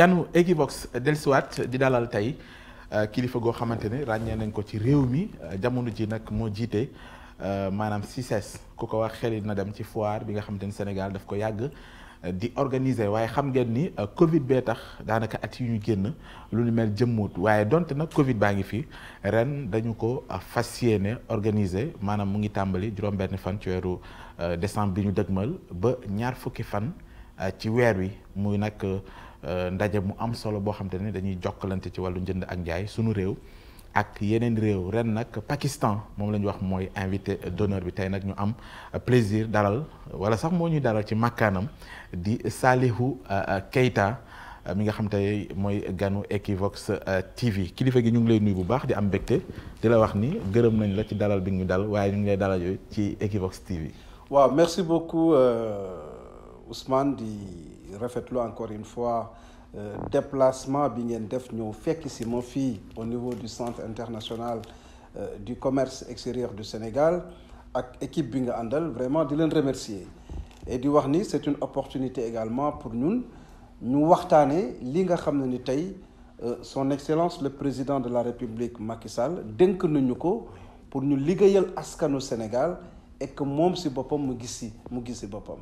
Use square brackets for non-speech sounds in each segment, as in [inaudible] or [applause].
ganu Equivox dellusiwaat di dalal tey euh, kilifa goo xamante ne ràññee nañ ko ci réew mi euh, jamono ji nag moo jiite euh, maanaam CICES e ku ko wax xel na dem ci foire bi nga xamante ni Sénégal daf ko yàgg di organiser waaye xam ngeen ni Covid bee tax daanaka at yu ñu génn lu ñu mel jëmmuut waaye donte nag Covid baa ngi fi ren dañu ko fas yéene organiser maanaam mu ngi tàmbali juróom-benn fan ci weeru décembre bi ñu dëgmal ba ñaar fukki fan ci weer wi muy nag. Euh, ndaje mu am solo boo xam ne dañuy jokkalante ci wàllu njënd ak njaay sunu réew ak yeneen réew ren nag Pakistan moom lañuy wax mooy invité d'honneur bi tey nag ñu am plaisir dalal wala sax moo ñuy dalal ci makkaanam di Salihou euh, euh, Keita mi nga xam tey mooy ganu Equivox TV kilifa gi ñu ngi lay nuyu bu baax di am mbégte di la wax ni gërëm nañ la ci dalal bi ñu dal waaye ñu ngi lay dalal yooyu ci Equivox TV. waaw merci beaucoup Ousmane di. rafetlu encore une fois euh, déplacement bi ngeen def ñëw fekk si ma fii au niveau du centre international euh, du commerce extérieur du Sénégal ak équipe bi nga àndal vraiment di leen remercier et di wax ni c'est une opportunité également pour ñun ñu waxtaanee li nga xam ne ni tey euh, son excellence le président de la république Macky Sall dénk nañu ko pour ñu liggéeyal askanu Sénégal et moom si boppam mu gis si mu gis si boppam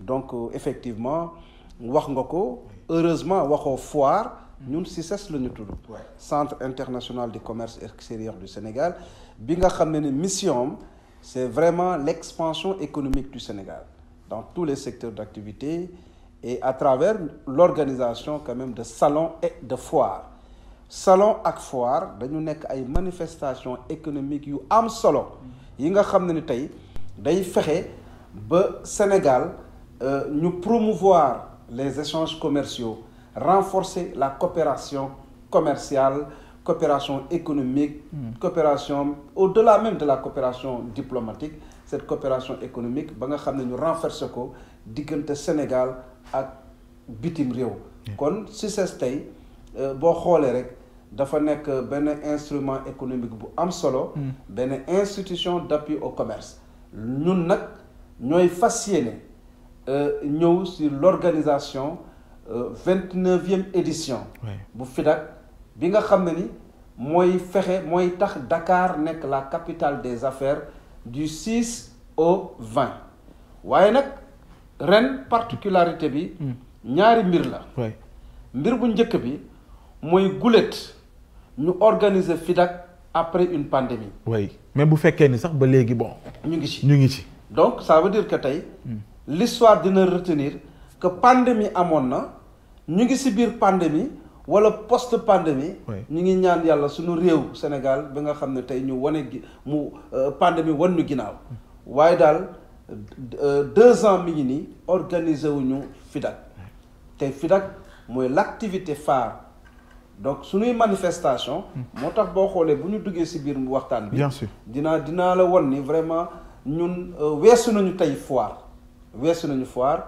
donc effectivement wax nga ko heureusement waxoo foire ñun CICES la ñu tudd centre international du commerce extérieur du Sénégal bi nga xam ne ne mission am c'est vraiment l'expansion économique du Sénégal dans tous les secteurs d'activité et à travers l'organisation quand même de salons et de foires salon ak foire dañu nekk ay manifestations économiques yu am solo yi nga xam ne ni tey day fexe ba Sénégal euh, ñu promouvoir les échanges commerciaux, renforcer la coopération commerciale, coopération économique, hmm. coopération, au-delà même de la coopération diplomatique, cette coopération économique, ba nga xam ne ñu renforcer ko diggante Sénégal ak bitim réew. Hmm. kon CICES tey euh, boo xoolee rek dafa nekk benn instrument économique bu am solo. Hmm. benn institution d'appui au commerce. ñun nag ñooy fas yéene. Euh, ñëw sur l'organisation euh, vingt neuvième édition bu FIDAK bi nga xam ne ni mooy fexe mooy tax dakaar nekk la capitale des affaires du 6 au 20 waaye nag ren particularité bi hmm. ñaari mbir la mbir bu njëkk bi mooy gulet ñu organiser FIDAK après une pandémie oui mais bu fekkee ni sax ba léegi bo ñu ngi ci ngi ci donc ça veut dire que tey hmm. l'histoire dina retenir que pandémie amoon na ñu ngi ci biir pandémie wala post pandémie ñu ngi ñaan yàlla suñu réew Sénégal ba nga xam ne tey ñu wane gi mu euh, pandémie wan ñu ginnaaw waaye daal euh, deux ans mi ngi nii organiser wuñu FIDAK te FIDAK mooy l'activité phare donc suñuy manifestation mm. moo tax boo xoolee bu ñu duggee ci biir mu waxtaan bi bien dinaa dinaa la won ni vraiment ñun euh, weesu nañu tey foire weesu nañu foire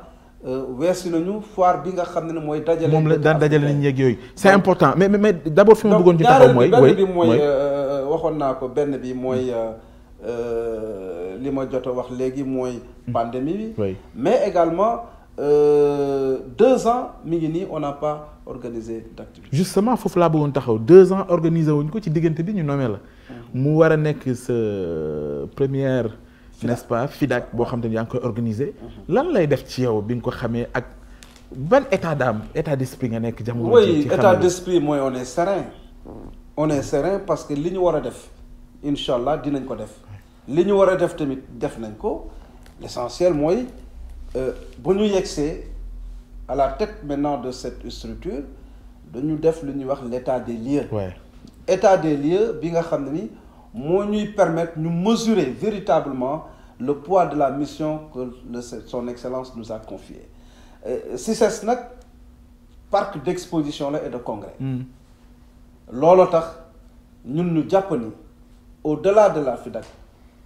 euh, weesu nañu foire bi nga xam ne mooy. dajale moom la daan dajale nañ yeeg yooyu. c'est important mais mais d' abord fi ma bëggoon ci taxaw mooy benn bi mooy euh, euh, waxoon naa ko benn bi mooy li ma jot a wax léegi mooy. pandémie bi. mais également. Euh, deux ans mi ngi nii on n'a pas organiser d'activité. justement foofu laa bëggoon taxaw deux ans organiser wuñ ko ci diggante bi ñu nommé la. Mmh. mu war a nekk sa première n'est-ce pas FIDAK boo xam te ne yaa ngi koy organiser. Mm-hmm. lan lay def ci yow bi nga ko xamee ak ban état d'âme état d'esprit nga nekk jamono. ci ci oui état mooy on est serein. on est serein parce que li ñu war a def incha allah dinañ ko def li ñu war a def tamit def nañ ko l'essentiel mooy euh, bu ñu yegsee à la tête maintenant de cette structure dañu def lu ñuy wax l'état des lieux. état des lieux bi nga xam ne ni. moo ñuy permettre ñu mesurer véritablement le poids de la mission que le son excellence nous a confiée CICES e nag parc d'exposition la et de congrès mm. looloo tax ñun ñu jàpp ni au-delà de la FIDAK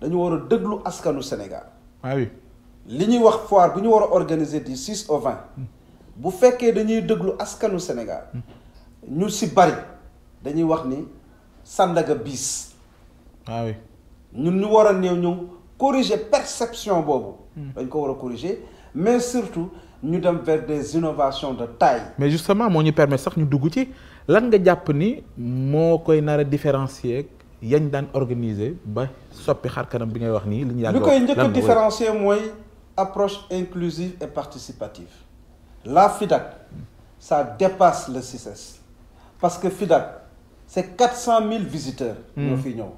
dañu war a déglu askanu Sénégal ah li ñuy wax foire bu ñu war a organiser du 6 au 20 mm. bu fekkee dañuy déglu askanu Sénégal mm. ñu si bari dañuy wax ni Sandaga bis ah oui ñun ñu war a néew ñëw corriger perception boobu. Hmm. dañ ko war a corriger mais surtout ñu dem vers des innovations de taille. mais justement moo ñu permettre sax ñu dugg ci lan nga jàpp ni moo koy nar a différencier yañ daan organiser ba soppi xar kanam bi ngay wax nii. li ñu yàgg koy njëkk a différencier mooy approche inclusive et participative. la FIDAC ça dépasse la CICES parce que FIDAC c'est quatre cent mille visiteurs. Hmm. ñoo fiy ñëw.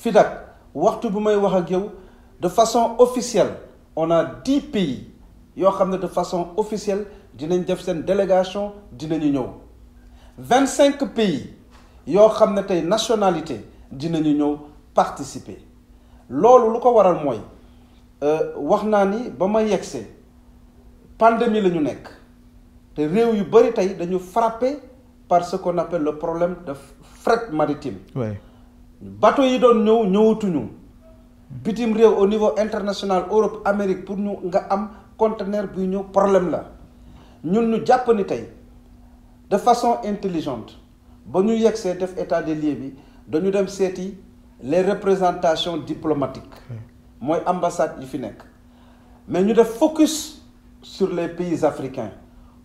FIDAK waxtu bu may wax ak yow de façon officielle on a dix pays yoo xam ne de façon officielle dinañ def seen délégation dinañu ñëw vingt cinq pays yoo xam ne tey nationalité dinañu ñëw participer loolu lu ko waral mooy euh, wax naa ni ba ma yegsee pandémie la ñu nekk te réew yu bëri tey dañu frappé par ce qu'on le problème de fret maritime bateau yi doon ñëw ñëwatuñu bitim réew au niveau international Europe Amérique pour ñu nga am conteneur buy ñëw problème la ñun ñu jàpp tey de façon intelligente ba ñu yegsee def état des lieux bi dañu dem seeti les représentations diplomatiques mooy ambassade yi fi nekk mais ñu def focus sur les pays africains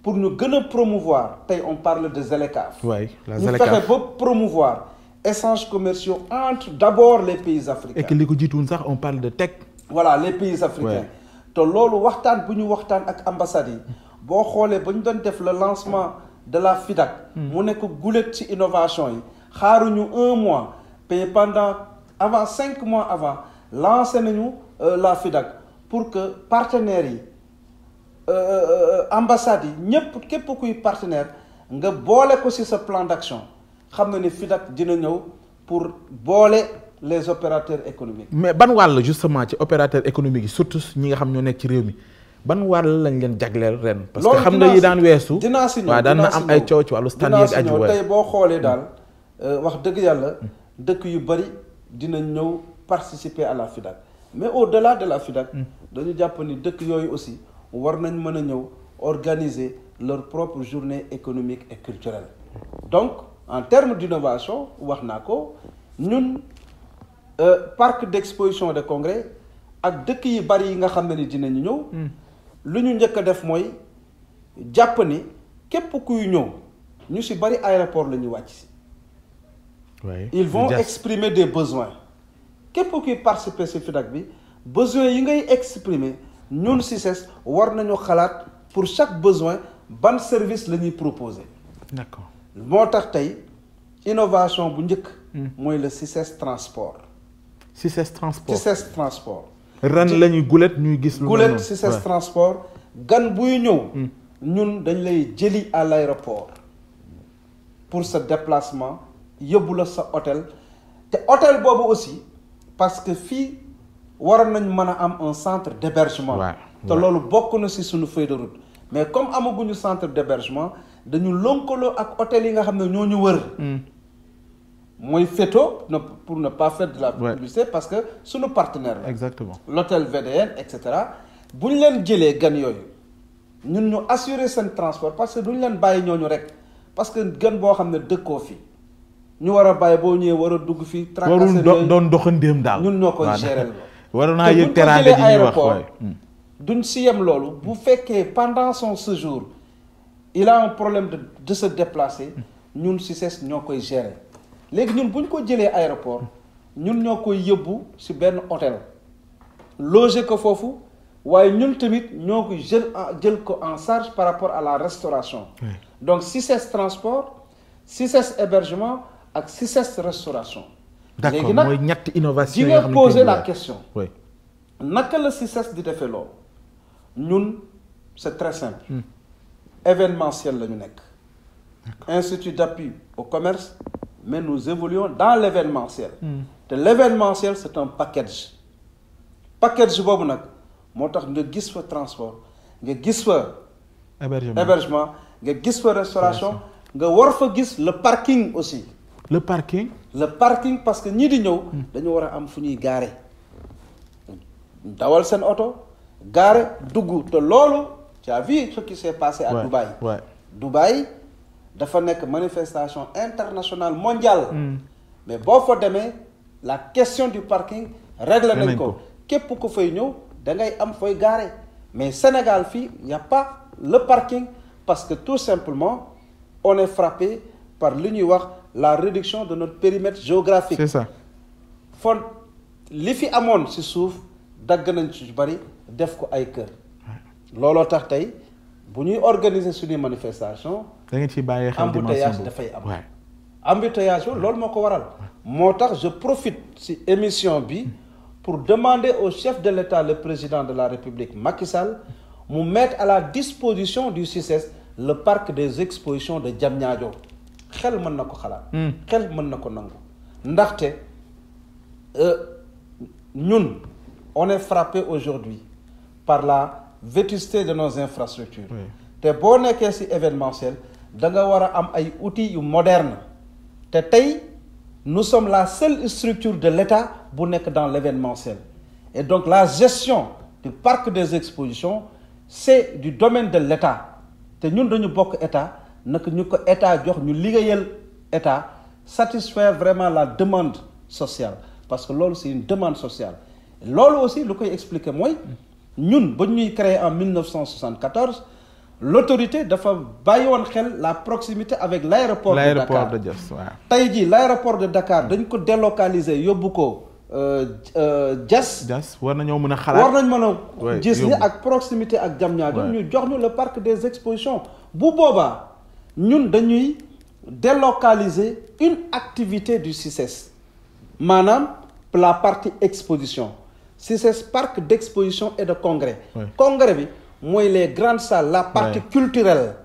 pour ñu gën a promouvoir tey on parle de ZLECAf ñu fexe ba promouvoir échanges commerciaux entre d'abord les pays africains. et que ko jiituwoon sax on parle de teg. voilà les pays africains. te loolu waxtaan bu ñu waxtaan ak ambassades yi. boo xoolee ba ñu doon def le lancement de la FIDAK. Hmm. mu nekk gulet ci innovation yi. xaaruñu un mois. mais pendant avant cinq mois avant lancé nañu euh, la FIDAK pour que partenaires yi euh, euh, ambassades yi ñëpp képp kuy partenaire nga boole ko ci sa plan d'action. xam nga ne FIDAK dina ñëw pour boole les opérateurs économiques. mais ban wàll justement ci opérateurs économiques yi surtout ñi nga xam ñoo nekk ci réew mi ban wàll lañ leen jagleel ren. parce que xam nga yi daan weesu. dinaa si ñëw waaw daan na am ay coow ci wàllu stand yeeg aju tey boo xoolee daal mm-hmm. euh, wax dëgg yàlla mm-hmm. dëkk yu bari dina ñëw participer à la fidal mais au delà de la FIDAK. Mm-hmm. dañu jàpp ni dëkk yooyu aussi war nañ mën a ñëw organiser leur propre journée économique et culturelle en termes d'innovation wax naa ko ñun euh, parc d'exposition de congrès ak dëkk yi bari yi nga xam ne ni dinañu ñëw hmm. lu ñu njëkk a def mooy jàpp ni képp kuy ñëw ñu ci bari aéroport la ñuy wàcc si ils vont exprimer des besoins képp kuy participer ci FIDAK bi besoins yi ngay exprimer ñun CICES war nañu xalaat pour chaque besoin ban service lañuy ñuy proposer moo tax tey innovation bu njëkk. Hmm. mooy le CICES transport. CICES transport CICES transport. ren la ñuy gulet ñuy gis. lu gulet CICES transport gan buy ñëw. Hmm. ñun dañ lay jëli à l'aéroport pour sa déplacement yóbbu la sa hôtel te hôtel boobu aussi parce que fii waroon nañ mën a am un centre d'hébergement. te loolu bokk na si suñu feuille route mais comme amaguñu centre d'hébergement. dañu lënkaloo ak hôtel yi nga xam ne ñoo ñu wër. Hmm. mooy FETO pour ne pas faire de la publicité parce que suñu partenaire la. exactement l'hôtel VDN et cetera bu ñu leen jëlee gan yooyu ñun ñu assurer seen transport parce que du ñu leen bàyyi ñooñu rek parce que gan boo xam ne dëkkoo fi ñu war a bàyyi boo ñëwee war a dugg fi. warul doon doxandéem daal ñun ñoo koy gérer [laughs] waroon naa yëg teraanga yi ñuy wax hmm. duñ si yem loolu bu fekkee pendant son séjour il a un problème de de se déplacer ñun CICES ñoo koy gérer léegi ñun bu ñu ko jëlee aéroport ñun ñoo koy yëbbu si benn hôtel loger ko foofu waaye ñun tamit ñoo ko jël jël ko en charge par rapport à la restauration. donc CICES transport si CICES hébergement ak CICES restauration. léegi nag mooy ñetti innovation yi nga xam ne poser la question. naka la CICES di defee loolu ñun c'est très simple. Hmm. événementiel la ñu nekk institut d'appui au commerce mais nous évoluons dans l'événementiel hmm. te l'événementiel c'est un package package boobu nag moo tax nga gis fa transport nga gis fa hébergement nga gis fa restauration nga war fa gis le parking aussi le parking le parking parce que ñii di ñëw hmm. dañu war a am fu ñuy gaare dawal seen oto gaare dugg te loolu tu as vu ce qui s'est passé à ouais, Dubaï. dafa nekk manifestation internationale mondiale. Mm. mais boo fa demee la question du parking réglé nañ ko képp ko fay ñëw da ngay am fooy gaare mais Sénégal fii y a pas le parking parce que tout simplement on est frappé par li ñuy wax la réduction de notre périmètre géographique. c'est ça fon li fi amoon ci suuf dagg nañ ci bari def ko ay kër. looloo tax tey bu ñuy organiser suñuy manifestation da nga ciy bàyyi xel embouteillage dafay am embouteillage yooyu loolu moo ko waral moo tax je profite ci émission bi pour demander au chef de l'État le président de la République Macky Sall mu mettre à la disposition du CICES e le parc des expositions de Diamniadio xel mën na ko xalaat hmm. xel mën na ko nangu ndaxte euh, ñun on est frappé aujourd'hui par la vétusté de nos infrastructures te boo nekkee ci événementiel da nga war a am ay outils yu moderne te tey nou sommes la seule structure de l'État bu nekk dans l'événementiel et donc la gestion du parque des expositions c'est du domaine de l'État te ñun dañu bokk État naka ñu ko État jox ñu liggéeyal État satisfaire vraiment la demande sociale parce que loolu c'est une demande sociale loolu aussi lu koy expliquer mooy ñun ba ñuy créé en 1974 l'autorité dafa bàyyi woon xel la proximité avec l'aéroport de Dakar de Diass tey jii l'aéroport de Dakar dañ ko délocaliser yóbbu ko euh, euh, Diass Diass war nañoo mën a xalaat war nañ mën a gis ni ak proximité ak Diamniadio ñu jox ñu le parc des expositions bu boobaa ñun dañuy délocaliser une activité du CICES e maanaam la partie exposition si ces parcs d'exposition et de congrès oui. congrès bi mooy les grandes salles la partie oui. culturelle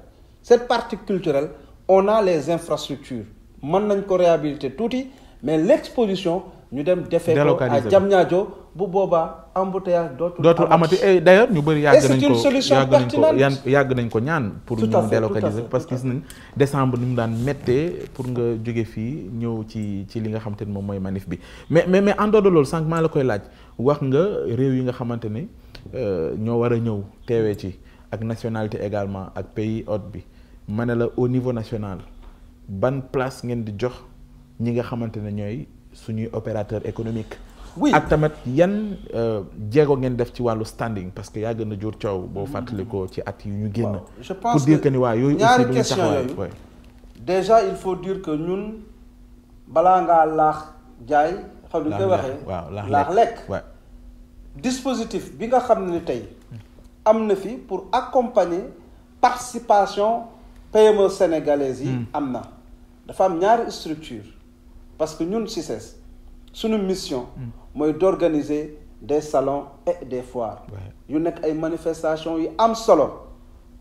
cette partie culturelle on a les infrastructures mën nañ ko réhabiliter tuuti mais l'exposition ñu dem defee ko à Diamniadio bu boobaa embouteillage dootul dootul amati et eh, ñu bëri yàgg nañ ko yàgg yan yàgg nañ ko ñaan pour ñu délocaliser parce que gis nañ décembre ni mu daan méttee pour nga jóge fii ñëw ci ci li nga xamante ne moom mooy manif bi mais mais mais en dehors loolu sànq maa la koy laaj wax nga réew yi nga xamante ne euh, ñoo war a ñëw teewee ci ak nationalité également ak pays ot bi ma ne la au niveau national ban place ngeen di jox ñi nga xamante ne ñooy suñuy opérateur économique oui ak tamit yan euh, jéego ngeen def ci wàllu standing parce que yaa gën a jur coow boo fàttali ci at yu ñu génn. je pense pour que ni waa yooyu. aussi du ñu taxawaay yooyu déjà il faut dire que ñun balaa ngaa laax jaay. xam ni koy waxee laax lekk dispositif bi nga xam ne tey am na fi pour accompagner participation PME sénégalaise yi. Hmm. am na dafa am ñaari structure parce que ñun CICES suñu mission mm. mooy d'organiser des salons et des foires yu nekk ay manifestation yu am solo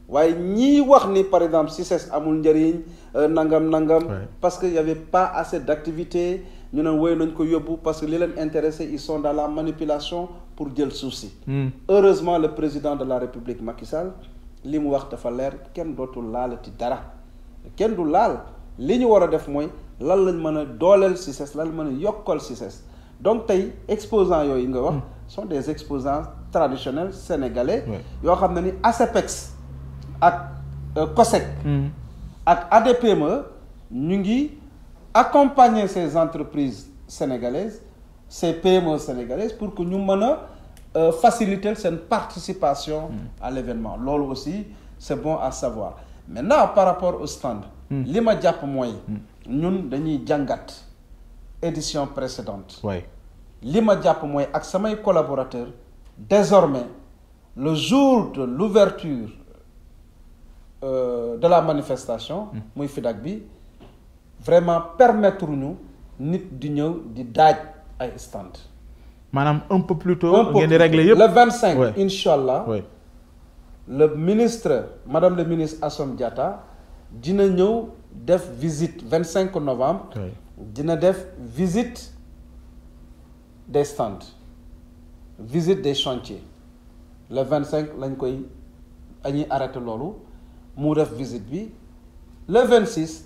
waaye ñii wax ni par exemple CICES amul njëriñ euh, nangam nangam parce que ya pas assez d'activités ñu ne woy nañ ko yóbbu parce que li leen intéressé ils sont dans la manipulation pour jël suuf si mm. heureusement le président de la République Macky Sall li mu wax dafa leer kenn dootul laalati dara kenn du laal li ñu war a def mooy lan lañ mën a dooleel si lan lañ mën a yokkal CICES donc tey exposants yooyu nga wax hmm. sont des exposants traditionnels sénégalais yoo xam ne ni ASEPEX ak COSEC euh, e hmm. ak ADPME ñu ngi accompagner ces entreprises sénégalaises ces PME sénégalaises pour que ñu mën a euh, faciliter seen participation hmm. à l'événement loolu aussi c'est bon à savoir maintenant par rapport au stand li ma jàpp mooy ñun dañuy jàngat édition précédente oui li ma jàpp mooy ak samay collaborateurs désormais le jour de l'ouverture euh, de la manifestation hmm. muy FIDAK bi vraiment permettre ñu nit di ñëw di daaj ay stand maanaam un peu plus tôt la vingt cinq incha allah le ministre madame le ministre Assome Diatta dina ñëw def visite vingt cinq novembre dina def visite des stands visite des chantiers le vingt cinq lañ koy añuy arrêté loolu mu def visite bi le vingt six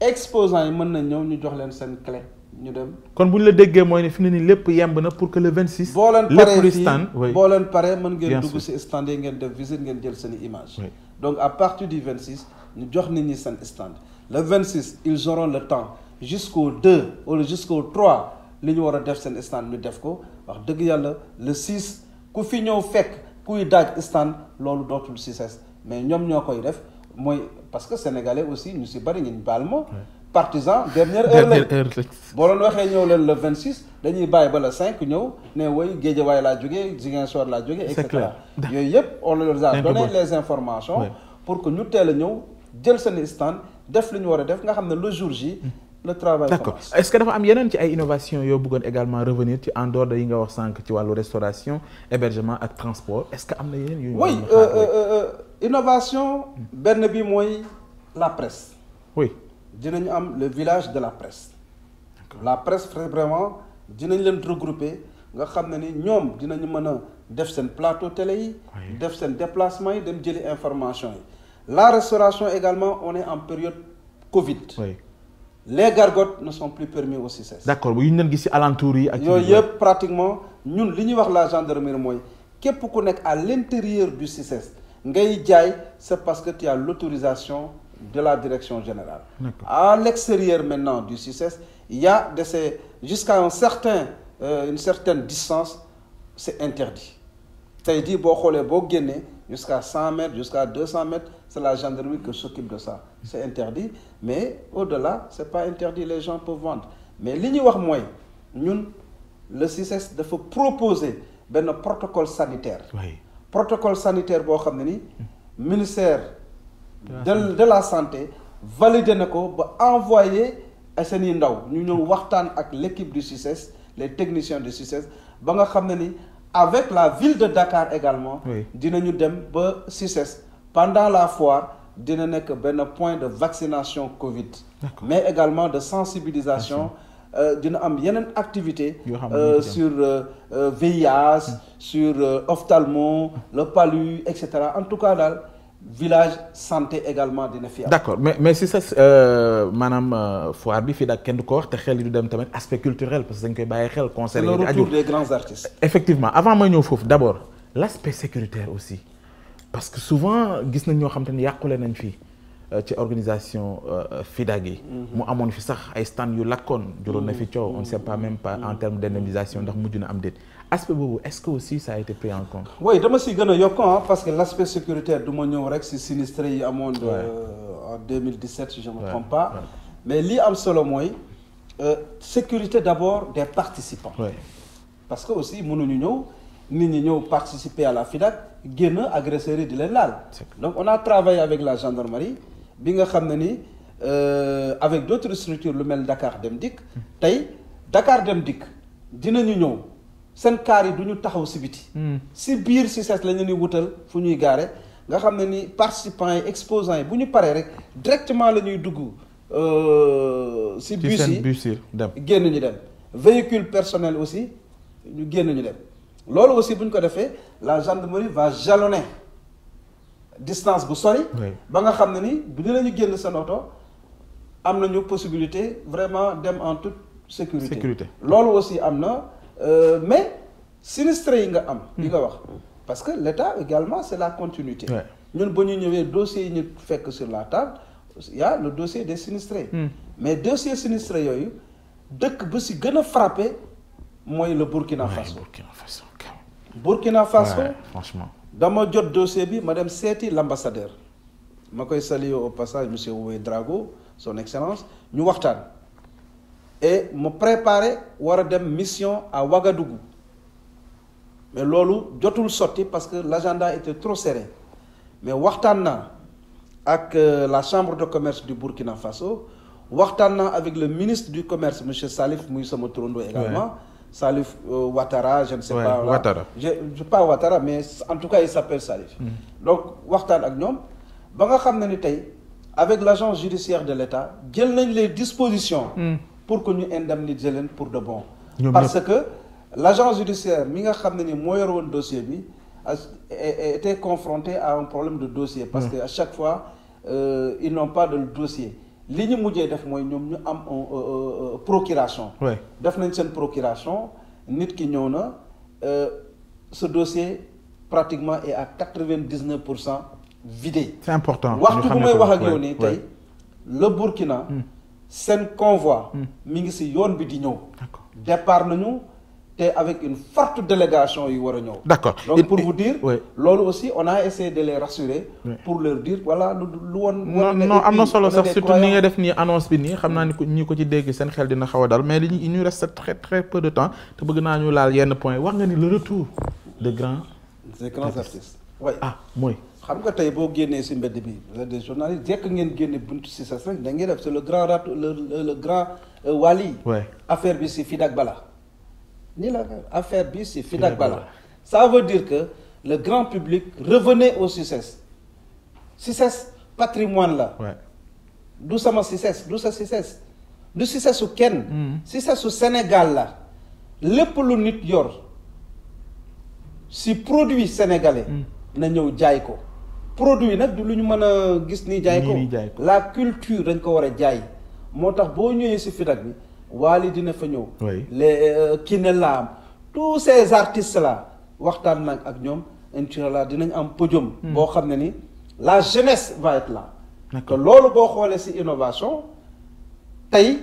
exposants yi mën na ñëw ñu jox leen seen clé ñu dem. kon bu ñu la déggee mooy ne fi mu ne nii lépp yemb na pour que le 26. boo leen paree fii stand boo leen paree mën ngeen dugg si stand yi ngeen def visite ngeen jël seen image donc à partir du 26 ñu jox nit ñi seen stand. le 26 ils auront le temps jusqu'au 2 wala jusqu'au 3 li ñu war a def seen stand ñu def ko wax dëgg yàlla le 6 ku fi ñëw fekk kuy daaj stand loolu dootul succès mais ñoom ñoo koy def mooy parce que sénégalais aussi ñu si bëri ngeen baal ma. partisan dernière heure lañ boo leen waxee ñëw leen le 26 dañuy bàyyi ba le cinq ñëw ne woy waaye laa jógee Ziguinchor laa jógee. et cetera yooyu yëpp on leur a les informations. pour que ñu teel a ñëw jël seen stand. def lu ñu war a def nga xam ne le jour J. le travail d'accord est-ce que dafa am yeneen ci ay innovation yoo bëggoon également revenir ci en dehors de yi nga wax sànq ci wàllu restauration hébergement ak transport est-ce que am na yeneen. yu ñu oui euh, euh, euh, innovation. benn bi mooy la presse. oui dinañu am le village de la presse. la presse vraiment dinañ leen regrouper nga xam ne ni ñoom dinañu mën a def seen plateau télé yi. def seen déplacement yi dem jëli information yi. La restauration également, on est en période Covid. Oui. les gargotes ne sont plus permis au CICES. d' accord yu ñu leen gis ci alentour yi. ak yooyu yëpp pratiquement ñun li ñuy wax la gendarmerie mooy képp ku nekk à l' intérieur du CICES ngay jaay c' est parce que ti as l' autorisation de la direction générale. à l' extérieur maintenant du CICES il y a de ces jusqu'à un certain euh, une certaine distance c' est interdit tey jii boo xoolee boo génnee jusqu'à cent mètres jusqu'à deux cent c'est la gendarmerie qui s'occupe de ça c'est interdit mais au-delà c'est pas interdit les gens peuvent vendre mais li ñuy wax mooy ñun le CICES dafa proposer benn protocole sanitaire oui. protocole sanitaire boo xam ne ni hmm. ministère de de la santé validé na ko ba envoyé seen i ndaw ñu ñëw waxtaan ak l'équipe du CICES les techniciens du CICES ba nga xam ne ni avec la ville de Dakar également dinañu dem ba CICES pendant la foire dina nekk benn point de vaccination Covid. mais également de sensibilisation. Euh, dina am yeneen activité euh, sur VIH euh, hmm. sur ophtalmo le palu et cetera en tout cas daal village santé également dina fi am. d'accord mais mais si sa maanaam foire bi fii daal kenn du ko wax te xel yi dem tamit aspect culturel parce que dañ koy bàyyi xel concert yi. le retour des grands artistes. effectivement avant ma ñëw foofu d'abord l'aspect sécuritaire aussi. parce que souvent gis nañ ñoo xam te ne yàqule nañ fii euh, ci organisation euh, FIDAG gi mm-hmm. mu amoon fi sax ay stand yu lakkoon. juróon na fi coow on ne sait pas même pas mm-hmm. en termes d' ndax mujj na am déet aspect boobu est ce que aussi ça a été pris en compte. oui dama si gën a yokk ah, parce que l' aspect sécuritaire du ma ñëw rek si sinistre yi amoon. Euh, en 2017 si je ne me pas. mais lii am solo mooy sécurité d' abord des participants. parce que aussi mënuñu ñëw nit ñi ñëw participer à la FIDAG. génn agresseurs yi di leen laal. donc on a travaillé avec la gendarmerie bi nga xam ne ni euh, avec d' autres structures lu mel Dakar Dem Dikk tey Dakar Dem Dikk ñu ñëw seen kaar yi du ñu taxaw si biti. Hmm. si biir si ses la ñu ni wutal fu ñuy gaare nga xam ne ni participants yi exposants yi bu ñu paree rek directement la ñuy dugg. Euh, si bus yi dem génn ñu dem véhicule personnel aussi ñu génn ñu dem. loolu aussi bu ñu ko defee la gendarmerie va jalonner distance bu sori. ba nga xam ne ni bu dinañu génn seen oto am nañu possibilité vraiment dem en toute sécurité. sécurité loolu aussi am na euh, mais sinistre yi nga am. li nga wax parce que l' état également c' est la continuité. ñun ba ñu ñëwee dossiers yi ñu fekk sur la table y' a le dossier des sinistrés. Hmm. mais dossier sinistrés yooyu dëkk ba si gën a frappé mooy le Burkina Faso. Burkina Faso franchement dama jot dossier bi ma dem seeti l' ma koy saluer au passage monsieur Oué Drago son excellence ñu waxtaan et ma préparé war a dem mission à Ouagadougou mais loolu jotul sotti parce que l' agenda était trop serré mais waxtaan na ak euh, la chambre de commerce du Burkina Faso waxtaan naa avec le ministre du commerce monsieur Salif muy sama turandoo également Salif euh, Ouattara je ne sais pas Ouattara mais en tout cas il s'appelle Salif mm. donc waxtaan ak ñoom ba nga xam na ni tey avec l'agence judiciaire de l'État jël nañ les dispositions mm. pour que ñu indemniser leen pour de bon parce que l'agence judiciaire mi nga xam ne ni moo yor woon dossier bi e, e, était confronté à un problème de dossier parce mm. que à chaque fois euh, ils n'ont pas de dossier li ñu mujjee def mooy ñoom ñu am euh, euh, euh, procuration def nañ seen procuration nit ki ñëw na ce dossier pratiquement et à quatre-vingt-dix-neuf pour cent vidé c'est important waxtu bu may wax ak yow nii tey le Burkina hmm. seen convoi hmm. mi ngi si yoon bi di ñëw départ nañu te avec une forte délégation yi war a ñëw. d'accord donc pour vous dire. oui loolu aussi on a essayé de les rassurer. pour leur dire voilà lu lu woon. non am na solo sax surtout ni nga def nii annonce bi nii xam naa ni ko ñi ko ci dégg seen xel dina xaw a dal mais li ñu reste très très peu de temps te bëgg naa ñu laal yenn point wax nga ni le retour de grands. des grands artistes. oui ah, mooy. xam nga tey boo génnee si mbedd bi des journalistes jekk ngeen génne buntu si sa sax da ngeen def c'est le grand rat le le grand euh, Wally. affaire bi si Fidak Bala. ni la affaire bi si Fidak Bala ça veut que le grand public revener au CICES CICES patrimoine la ouais. du sama CICES du sa CICES du CICES su kenn hmm. CICES su Sénégal la lépp lu nit yor si produit sénégalais hmm. na ñëw jaay ko produit nag du lu ñu mën a gis ni jaay ko la culture dañ ko war a jaay moo tax boo ñëwee si Fidak bi Wally dina fa ñëw. oui les euh, Kiné am tous ces artistes là waxtaan nag ak ñoom inchallah dinañ am podium. Hmm. boo xam ne ni la jeunesse va la là. te loolu boo xoolee ci innovation tey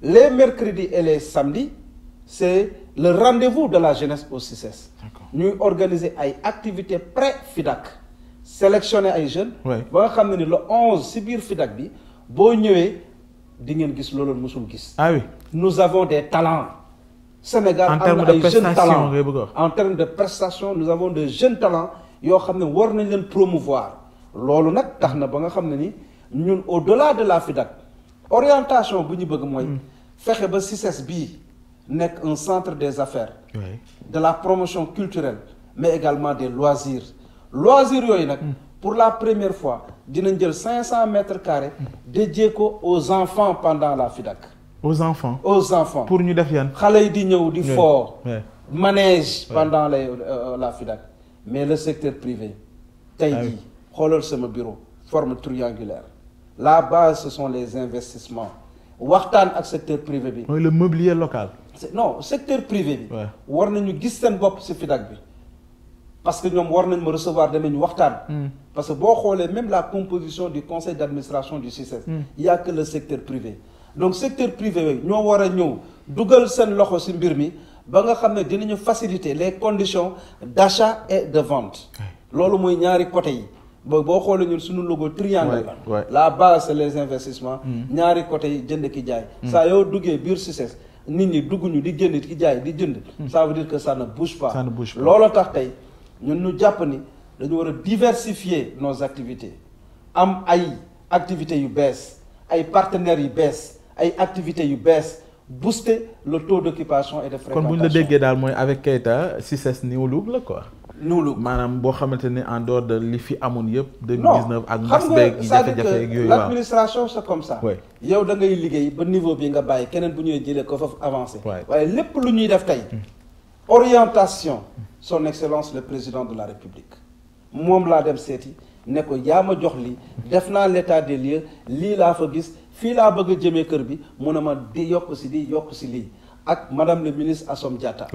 les mercredis et les samedis c'est le rendez-vous de la jeunesse au CICES. ñuy organiser ay activités pré FIDAC sélectionner ay jeunes. ba nga xam ne ni le 11 ci biir FIDAC bi boo ñëwee. di ngeen gis loolu musul gis. ah oui nous avons des talents. Sénégal am na ay jeunes talents en termes de prestation nous avons des jeunes talents yoo xam ne war nañ leen promouvoir loolu nag tax na ba nga xam ne ni ñun au delà de la FIDAK orientation bu ñu bëgg mooy. Hmm. fexe ba CICES bi nekk un centre des affaires. de la promotion culturelle mais également des loisirs loisirs yooyu nag. Hmm. pour la première fois dinañ jël 500 mètres carrés dédié ko aux enfants pendant la FIDAC. aux enfants aux enfants. pour ñu def yan. xale yi di ñëw di fort. manège pendant les euh, la FIDAC. mais le secteur privé. tey ah jii xoolal sama bureau forme triangulaire. la base ce sont les investissements. waxtaan ak secteur privé bi. mooy le mobilier local. non secteur privé bi. war nañu gis seen bopp ci FIDAC bi. parce que ñoom war nañ ma recevoir demee ñu waxtaan. Hmm. parce que boo xoolee même la composition du conseil d' administration du CICES. E hmm. y' a que le secteur privé. donc secteur privé ñoo war a ñëw dugal seen loxo ci mbir mi ba nga xam ne dinañu facilité les conditions d' achat et de vente. loolu mooy ñaari côté yi. boo boo xoolee ñun suñu logo triangle la. la base c'est les investissements. Hmm. ñaari côté yi jënd ki jaay. saa yoo duggee biir CICES. E nit ñi dugguñu di génn ki jaay di jënd. ça veut dire que ça ne bouge pas. tax tey. ñun ñu jàpp ni dañu war a diversifier nos activités am ay activités yu bees ay partenaires yu bees ay activités yu bees booster le taux d'occupation et de fréquentation kon bu ñu la déggee daal mooy avec Keita CICES New Look la quoi. New maanaam boo xamante ni en dehors de li fi amoon yëpp. 2019 ak mbas beeg yi jafe-jafe ak yooyu waaw l'administration c'est comme ça. yow da ngay liggéey ba niveau bi nga bàyyi keneen bu ñëwee jëlee ko foofu avancé. waaye lépp lu ñuy def tey. Hmm. orientation son excellence le président de la république moom laa dem seeti ne ko yaa ma jox lii def naa l'état des lieux lii laa fa gis fii laa bëgg a jëmee kër bi mun ne ma di yokk si lii yokk si lii ak madame le ministre Assom Diatta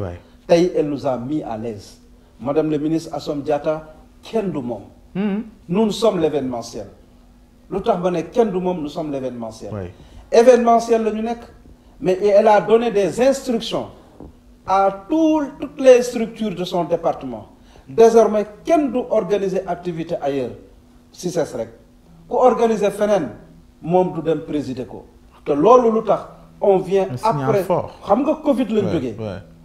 tey elle nous a mis à l'aise madame le ministre Assom Diatta kenn du moom hmm. nous sommes l'événementiel lu tax ba ne kenn du moom nous sommes l'événementiel événementiel la ñu nekk mais elle a donné des instructions à tout, toutes les structures de son département désormais kenn du organiser activité ailleurs si ses rek ku organiser feneen moom du dem présider ko te loolu lu tax on vient après xam nga Covid lañ jógee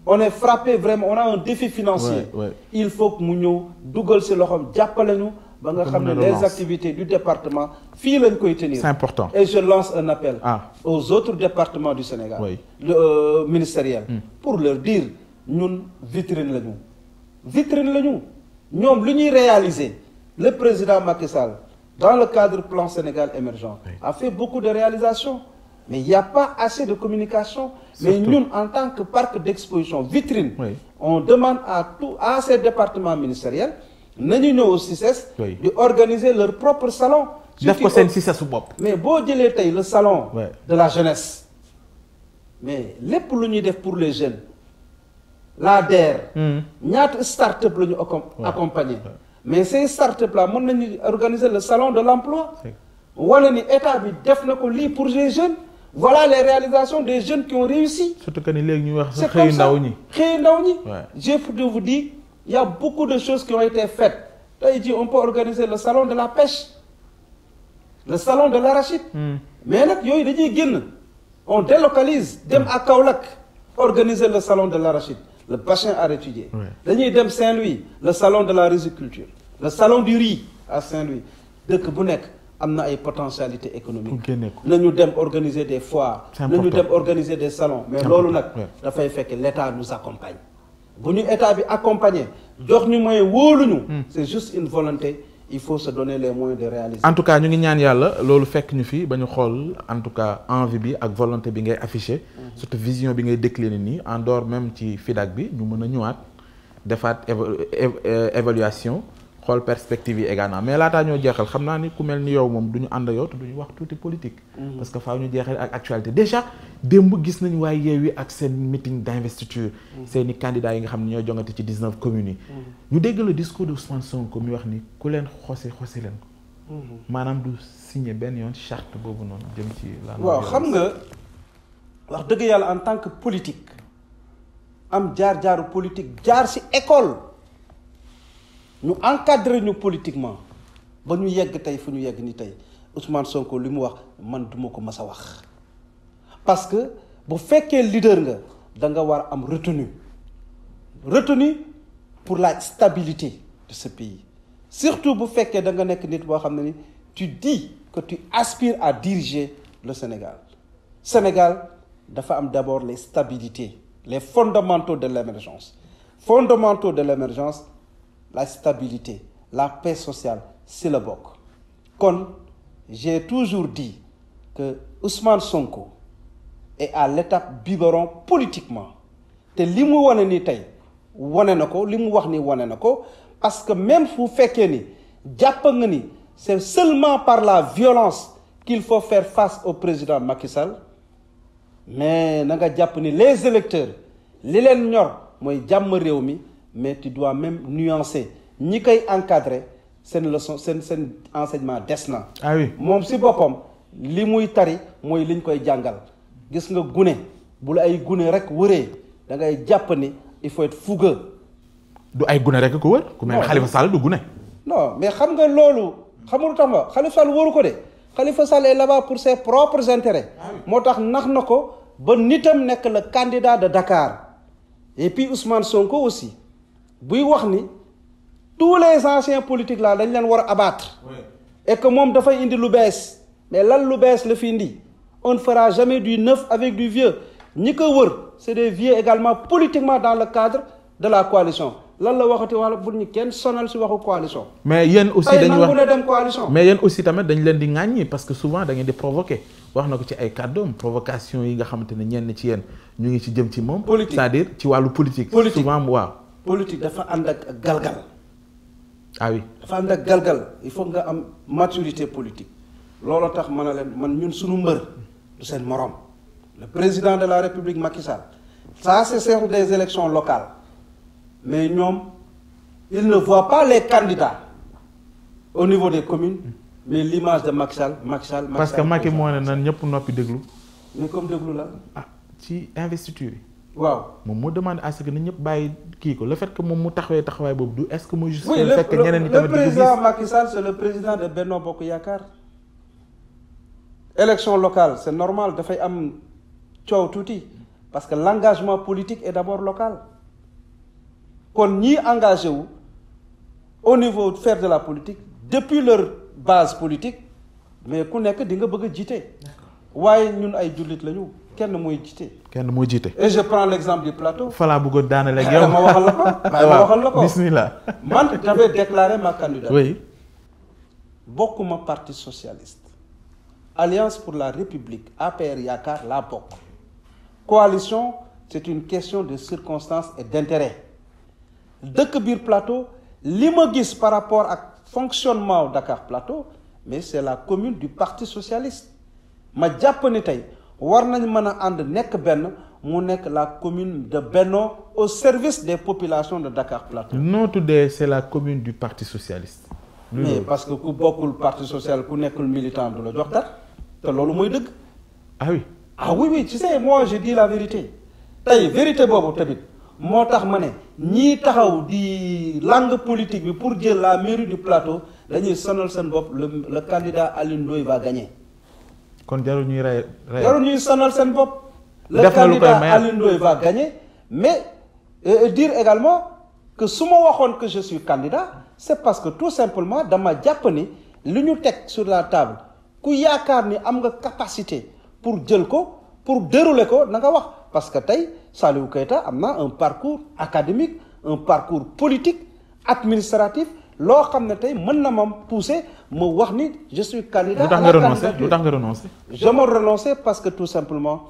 on est frappé vraiment on a un défi financier il faut que mu ñëw dugal si loxoom jàppale ñu ba nga xam ne les activités du département fii lañ koy tenir. c'est important et je lance un appel. Ah. aux autres départements du Sénégal. Oui. Euh, ministériel. Hmm. pour leur dire ñun vitrine la ñu. vitrine la ñu ñoom lu ñuy réaliser le président Macky Sall dans le cadre plan Sénégal émergent. à a fait beaucoup de réalisations. mais il n'y a pas assez de communication. Surtout. mais ñun en tant que parc d'exposition vitrine. Oui. on demande à tout à ces départements ministériels. nañu ñëw CICES. di organiser leur propre salon. def ko seen si CICES su bopp. mais boo jëlee tey le salon. de la jeunesse. mais lépp lu ñuy def pour les jeunes. la DER. Hmm. ñaata start up la ñu accompagner. mais ces start up là mën nañu organiser le salon de l' emploi. wala ni état bi def na ko lii pour les jeunes. voilà les réalisations des jeunes qui ont réussi. surtout que ni léegi ñu wax xëy ndaw ñi. ndaw ñi. j'ai de vous il y beaucoup de choses qui ont été faites tey jii on peut organiser le salon de la pêche le salon de l'arachide mm. mais nag yooyu dañuy génn on délocalise dem à Kaolack organiser le salon de la l'arachide le bassin à étudier dañuy dem Saint-Louis le salon de la riziculture le salon du riz à Saint-Louis dëkk bu nekk am na ay potentialité économique nañu dem organiser des foires nañu dem organiser des salons mais loolu nag dafay fekk l'État nous accompagne bu ñu état bi accompagner jox ñu moyen wóoluñu hmm. c'est juste une volonté il faut se donner les moyens de réaliser. en tout cas ñu ngi ñaan yàlla loolu fekk ñu fi ba ñu xool en tout cas envie bi ak volonté bi ngay affiché hmm. surtout vision bi ngay décliner nii en dehors même ci FIDAK bi ñu mën a ñëwaat defaat évaluation xool perspective yi également mais laata ñoo jeexal xam naa ni ku mel ni yow moom du ñu ànd yow te du ñu wax tuuti politique. Mm-hmm. parce que faaw ñu jeexal ak actualité déjà démb gis nañu waaye Yewwi ak seen meeting d'investiture. Mm-hmm. seeni i yi nga xam ne ñoo jongante ci 19 communes yi. Mm-hmm. ñu dégg le discours de Ousmane Sonko mi wax ni ku leen xose xose leen ko. maanaam du signer benn yoon charte boobu noonu jëm ci. la waaw xam nga wax dëgg yàlla en tant que politique am jaar politique jaar ci école. ñu encadré ñu politiquement ba ñu yegg tey fu ñu yegg ni tey Ousmane Sonko li mu wax man duma ko mas a wax parce que bu fekkee leader nga da nga war am retenue retenue pour la stabilité de ce pays surtout bu fekkee da nga nekk nit boo xam ne ni tu dis que tu aspires à diriger le Sénégal Sénégal dafa am d'abord les stabilité les fondamentaux de l'émergence fondamentaux de l'émergence la stabilité la paix sociale si la bokk kon j'ai toujours di que Ousmane Sonko est à l'étape biberon politiquement te li mu wane ni tey wane na ko li mu wax ni wane na ko parce que même fu fekkee ni jàpp nga ni c'est seulement par la violence qu'il faut faire face au président Macky Sall mais nanga jàpp ni les électeurs li leen ñor mooy jàmm réew mi mais tu dois même nuancer ñi koy encadrer seen leçon seen seen enseignement des na. Ah moom si boppam li muy tari mooy liñ koy jàngal gis nga gune bu la ay gune rek wëree dangay ngay jàpp ni il faut être du ay gune rek ko wër. ku mel ne Khalifa du gune. non mais xam nga loolu xam nga lu tax ma Khalifa Sall wëru ko de Khalifa Sall est là-bas pour ses propres ah moo tax nax na ko ba nitam nekk la candidat de dakaar et puis Ousmane Sonko aussi. buy wax ni tous les anciens politiques là dañ leen war a abattre et que moom dafay indi lu bees mais lan lu bees la fi indi on ne fera jamais du neuf avec du vieux ñi ko wër c'est des vieux également politiquement dans le cadre de la coalition lan la waxati wala bu ñu kenn sonal si waxu coalition. mais yéen aussi tamit dañ leen di ŋàññi parce que souvent da di provoquer wax na ko ci ay kàddoom provocation yi nga xamante ne ñenn ci yéen ñu ngi ci jëm ci moom. ci wàllu politique. souvent politique dafa ànd ak galgal ah oui dafa ànd ak galgal il faut nga am maturité politique looloo tax ma ne leen man ñun suñu mbër du seen morom le président de la république Macky Sall ça c'est des élections locales mais ñoom il ne voit pas les candidats au niveau des communes mais l'image de Macky Sall Macky Sall parce que Macky moo ne nan ñëpp noppi déglu mais comme déglu la ah ci investiture yi waaw moom moo demande à ce que nit ñëpp bàyyi kii ko le fait que moom mu taxawee taxawaay boobu du est-ce que. mooy juste le fait que ñeneen ñi tamit le président Macky Sall c'est le normal dafay am coow tuuti parce que l'engagement politique et d'abord locale kon ñii engagé wu au niveau de faire de la politique depuis leur base politique mais ku nekk di nga bëgg a jiite. waaye ñun ay jullit lañu kenn mooy jiite. kenn moo jiite. et je prends l'exemple du plateau. Fala bëggoon daanale ak [laughs] yow dama waxal la ko dama [laughs] waxal la ko bismillah man j'avais déclaré ma candidature. oui. bokkuma parti socialiste. alliance pour la république APR yaakaar laa bokk. coalition c'est une question de circonstance et d'intérêt. dëkk biir plateau li ma gis par rapport ak fonctionnement Dakar plateau mais c'est la commune du parti socialiste ma jàpp ni tey. war nañ mën a ànd nekk benn mu nekk la commune de Benno au service des population de Dakar Plateau. noo tuddee c'est la commune du parti socialiste. parce que ku bokkul parti social ku nekkul militant du la jox dara te loolu mooy dëgg. ah oui ah oui oui tu sais moi je dis la vérité tey vérité boobu tamit moo tax ma ne ñii taxaw di langue politique bi pour jël la mairie du plateau dañuy sonal seen bopp le le candidat Alioune Ndoye va kon jarul ñuy rey rey. jarul ñuy sonal seen bopp. le candidat Alioune Ndoye va gagner mais euh, euh également que su ma waxoon que je suis candidat c'est parce que tout simplement dama jàpp ni li ñu teg sur la table ku yaakaar ni am nga capacité pour jël ko pour dérouler ko na nga wax parce que tey Saliou Keita am na un parcours académique un parcours politique administratif. loo xam ne tey mën na ma pousser ma wax ni je suis candidat. lu tax nga renoncé lu tax nga renoncé. je me renonçais parce que tout simplement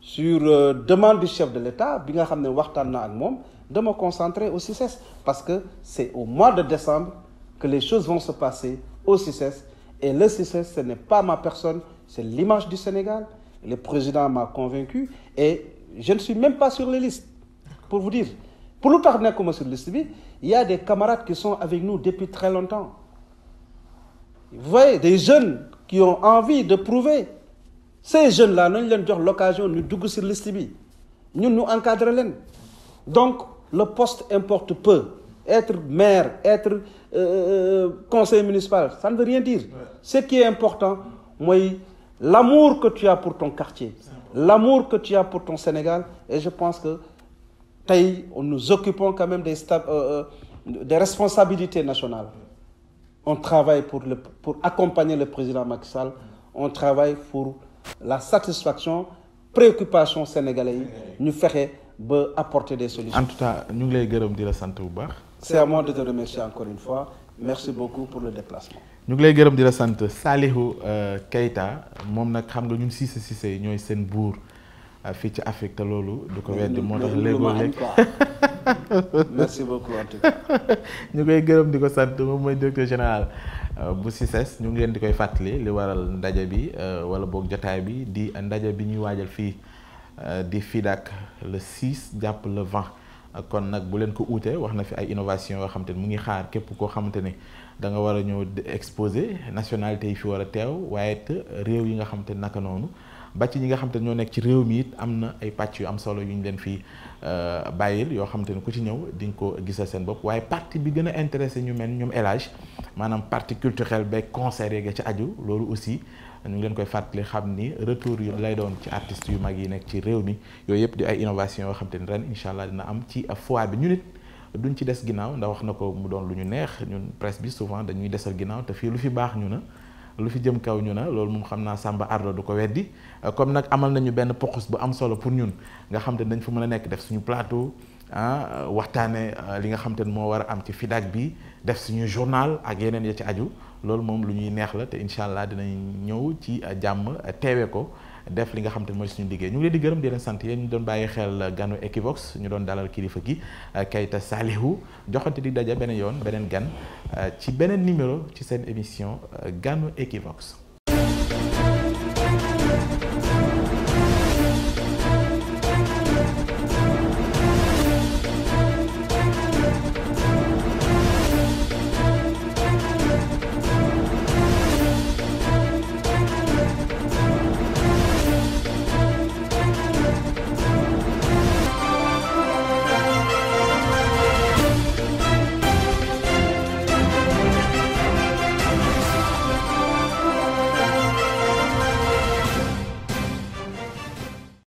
sur euh, demande du chef de l'État bi nga xam ne waxtaan na ak moom dama concentrer au CICES e. parce que c'est au mois de décembre que les choses vont se passer au CICES e. et le CICES e, ce n'est pas ma personne c'est l'image du Sénégal le président m'a convaincu et je ne suis même pas sur les listes pour vous dire pour lu tax nekkuma sur liste bi. Il y a des camarades qui sont avec nous depuis très longtemps. Vous voyez, des jeunes qui ont envie de prouver. Ces jeunes-là, nous leur donnons l'occasion de nous sur l'istibi. Nous nous encadrons. Donc, le poste importe peu. Être maire, être euh, euh, conseiller municipal, ça ne veut rien dire. Ouais. Ce qui est important, c'est l'amour que tu as pour ton quartier, l'amour que tu as pour ton Sénégal. Et je pense que tey nous occupons quand même des sta euh, euh, des responsabilités nationales on travaille pour le pour accompagner le président Macky Sall on travaille pour la satisfaction préoccupation sénégalais yi ñu fexe ba apporter des solutions. en ñu ngi lay gërëm di la sant bu baax. c'est à moi de te remercier encore une fois merci beaucoup pour le déplacement. ñu ngi lay gërëm di la sant Salihou euh, Keita moom nag xam nga ñun Cissé Cissé ñooy seen buur. Euh, fii ci Afrique te loolu. du ko weddi moo tax léegoo léeg [laughs] merci beaucoup [laughs] ñu koy gërëm di ko sant moom mooy directeur général euh, bu sises e ñu ngi leen di koy fàttali li waral ndaje bi euh, wala boog jotaay bi di ndaje bi ñuy waajal fii di FIDAK le 6 jàpp le 20. kon nag bu leen ko uute wax na fi ay innovation yoo xamante ni mu ngi xaar képp koo xamante ni da war a ñëw exposé nationalité yi fi war a teew waaye it réew yi nga xamante ni naka noonu. ba ñi nga xam te ñoo nekk ci réew mi it am na ay pàcc yu am solo yu ñu leen fi euh, bàyyil yoo xam te ne ku ci ñëw di nga ko gisal seen bopp waaye partie bi gën a intéressé ñu mel ñoom élage maanaam parti culturelle beeg concert yeeg ci aju loolu aussi ñu koy fàttali xam ni retour lay doon ci artistes yu mag yi nekk ci réew mi yooyu yëpp di ay innovation yoo xam te ni ren incha allah dina am ci fois bi ñu nit duñ ci des ginnaaw ndax wax na ko mu doon lu ñu neex ñun presse bi souvent dañuy desal ginnaaw te fii lu fi baax ñu na lu fi jëm kaw ñu na loolu moom xam naa sàmba Ardo du ko weddi comme nag amal nañu benn poxus bu am solo pour ñun nga xam te dañ fa mën a nekk def suñu plateau ah waxtaane euh, li nga xam te moo war a am ci FIDAK bi def suñu journal ak yeneen ya ci aju loolu moom lu ñuy neex la te incha allah dinañ ñëw ci euh, jàmm teewe ko def li nga xam te mooy suñu liggéey ñu ngi leen di gërëm di leen sant yéen ñu doon bàyyi xel ganu Equivox ñu doon dalal kilifa gi euh, Keita Salihu joxante di daja beneen yoon beneen gan euh, ci beneen numéro ci seen émission euh, ganu Equivox